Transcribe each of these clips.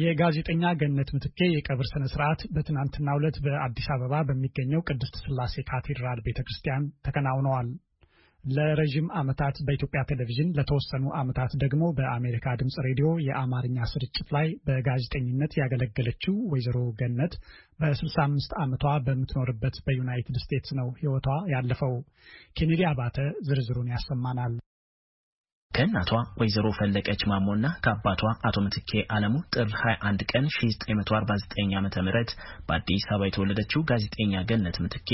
የጋዜጠኛ ገነት ምትኬ የቀብር ስነ ስርዓት በትናንትናው ዕለት በአዲስ አበባ በሚገኘው ቅድስት ስላሴ ካቴድራል ቤተ ክርስቲያን ተከናውነዋል። ለረዥም ዓመታት በኢትዮጵያ ቴሌቪዥን ለተወሰኑ ዓመታት ደግሞ በአሜሪካ ድምፅ ሬዲዮ የአማርኛ ስርጭት ላይ በጋዜጠኝነት ያገለገለችው ወይዘሮ ገነት በ65 ዓመቷ በምትኖርበት በዩናይትድ ስቴትስ ነው ሕይወቷ ያለፈው። ኬኔዲ አባተ ዝርዝሩን ያሰማናል። ከእናቷ ወይዘሮ ፈለቀች ማሞና ከአባቷ አቶ ምትኬ አለሙ ጥር 21 ቀን 1949 ዓ ም በአዲስ አበባ የተወለደችው ጋዜጠኛ ገነት ምትኬ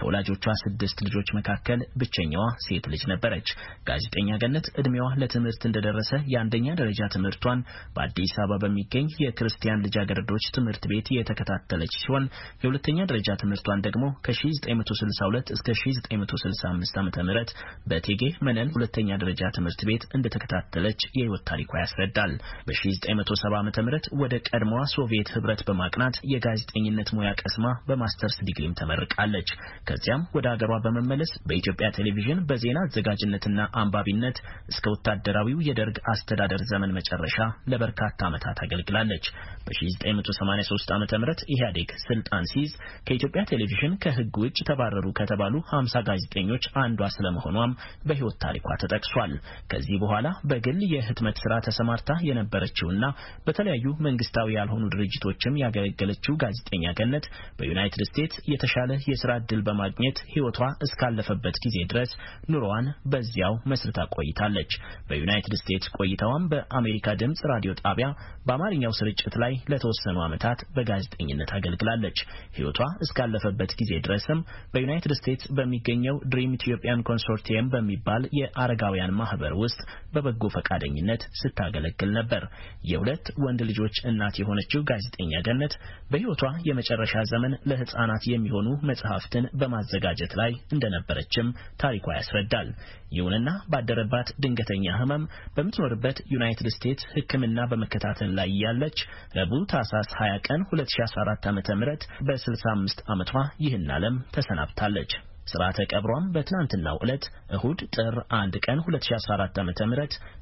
ከወላጆቿ ስድስት ልጆች መካከል ብቸኛዋ ሴት ልጅ ነበረች። ጋዜጠኛ ገነት እድሜዋ ለትምህርት እንደደረሰ የአንደኛ ደረጃ ትምህርቷን በአዲስ አበባ በሚገኝ የክርስቲያን ልጃገረዶች ትምህርት ቤት የተከታተለች ሲሆን የሁለተኛ ደረጃ ትምህርቷን ደግሞ ከ1962 እስከ 1965 ዓ ም በቴጌ መነን ሁለተኛ ደረጃ ትምህርት ቤት እንዴት እንደተከታተለች የህይወት ታሪኳ ያስረዳል። በ1970 ዓ ም ወደ ቀድሞዋ ሶቪየት ህብረት በማቅናት የጋዜጠኝነት ሙያ ቀስማ በማስተርስ ዲግሪም ተመርቃለች። ከዚያም ወደ አገሯ በመመለስ በኢትዮጵያ ቴሌቪዥን በዜና አዘጋጅነትና አንባቢነት እስከ ወታደራዊው የደርግ አስተዳደር ዘመን መጨረሻ ለበርካታ ዓመታት አገልግላለች። በ1983 ዓ ም ኢህአዴግ ስልጣን ሲይዝ ከኢትዮጵያ ቴሌቪዥን ከህግ ውጭ ተባረሩ ከተባሉ 50 ጋዜጠኞች አንዷ ስለመሆኗም በህይወት ታሪኳ ተጠቅሷል። ከዚህ በኋላ በግል የህትመት ስራ ተሰማርታ የነበረችውና በተለያዩ መንግስታዊ ያልሆኑ ድርጅቶችም ያገለገለችው ጋዜጠኛ ገነት በዩናይትድ ስቴትስ የተሻለ የስራ እድል በማግኘት ህይወቷ እስካለፈበት ጊዜ ድረስ ኑሮዋን በዚያው መስርታ ቆይታለች። በዩናይትድ ስቴትስ ቆይታዋም በአሜሪካ ድምፅ ራዲዮ ጣቢያ በአማርኛው ስርጭት ላይ ለተወሰኑ ዓመታት በጋዜጠኝነት አገልግላለች። ህይወቷ እስካለፈበት ጊዜ ድረስም በዩናይትድ ስቴትስ በሚገኘው ድሪም ኢትዮጵያን ኮንሶርቲየም በሚባል የአረጋውያን ማህበር ውስጥ ውስጥ በበጎ ፈቃደኝነት ስታገለግል ነበር። የሁለት ወንድ ልጆች እናት የሆነችው ጋዜጠኛ ገነት በሕይወቷ የመጨረሻ ዘመን ለሕፃናት የሚሆኑ መጽሐፍትን በማዘጋጀት ላይ እንደነበረችም ታሪኳ ያስረዳል። ይሁንና ባደረባት ድንገተኛ ህመም በምትኖርበት ዩናይትድ ስቴትስ ሕክምና በመከታተል ላይ ያለች ረቡዕ ታህሳስ 20 ቀን 2014 ዓ.ም በ65 ዓመቷ ይህን ዓለም ተሰናብታለች። ስርዓተ ቀብሯም በትናንትናው ዕለት እሁድ ጥር አንድ ቀን 2014 ዓ.ም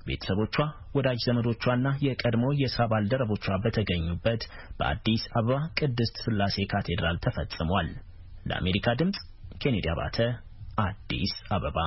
ቤተሰቦቿ፣ ወዳጅ ዘመዶቿና የቀድሞ የስራ ባልደረቦቿ በተገኙበት በአዲስ አበባ ቅድስት ስላሴ ካቴድራል ተፈጽሟል። ለአሜሪካ ድምፅ ኬኔዲ አባተ አዲስ አበባ